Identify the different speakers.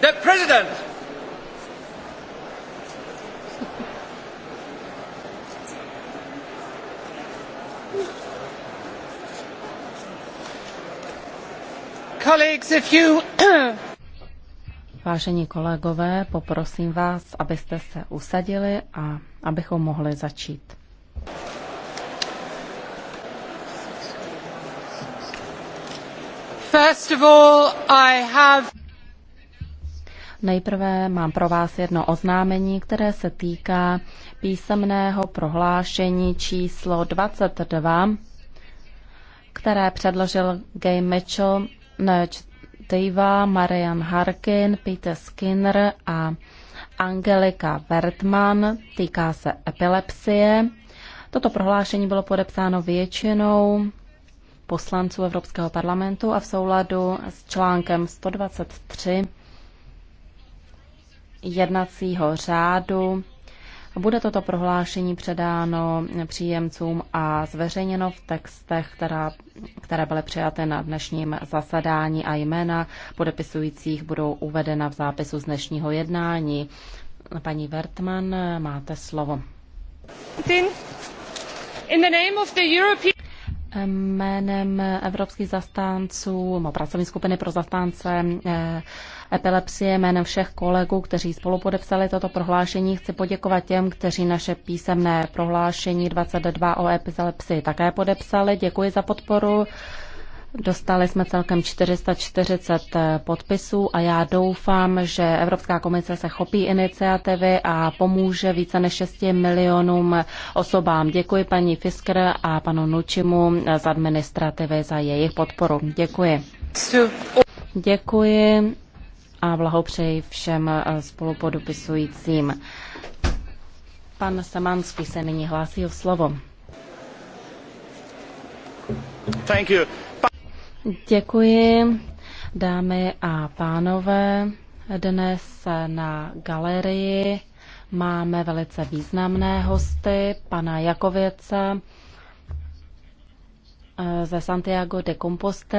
Speaker 1: The president. Vážení kolegové, poprosím vás, abyste se usadili a abychom mohli začít. First of all, I have Nejprve mám pro vás jedno oznámení, které se týká písemného prohlášení číslo 22, které předložil Gay Mitchell, Nerd Diva, Marian Harkin, Peter Skinner a Angelika Wertmann. Týká se epilepsie. Toto prohlášení bylo podepsáno většinou poslanců Evropského parlamentu a v souladu s článkem 123 jednacího řádu. Bude toto prohlášení předáno příjemcům a zveřejněno v textech, která, které byly přijaté na dnešním zasedání a jména podepisujících budou uvedena v zápisu z dnešního jednání. Paní Wertmann, máte slovo. In the name of the European jménem evropských zastánců, no, pracovní skupiny pro zastánce eh, epilepsie, jménem všech kolegů, kteří spolu podepsali toto prohlášení, chci poděkovat těm, kteří naše písemné prohlášení 22 o epilepsii také podepsali. Děkuji za podporu. Dostali jsme celkem 440 eh, podpisů a já doufám, že Evropská komise se chopí iniciativy a pomůže více než 6 milionům osobám. Děkuji paní Fisker a panu Nučimu z administrativy za jejich podporu. Děkuji. Děkuji a blahopřeji všem eh, spolupodopisujícím. Pan Samanský se nyní hlásí o slovo. Thank you. Děkuji, dámy a pánové. Dnes na galerii máme velice významné hosty, pana Jakověce eh, ze Santiago de Compostela.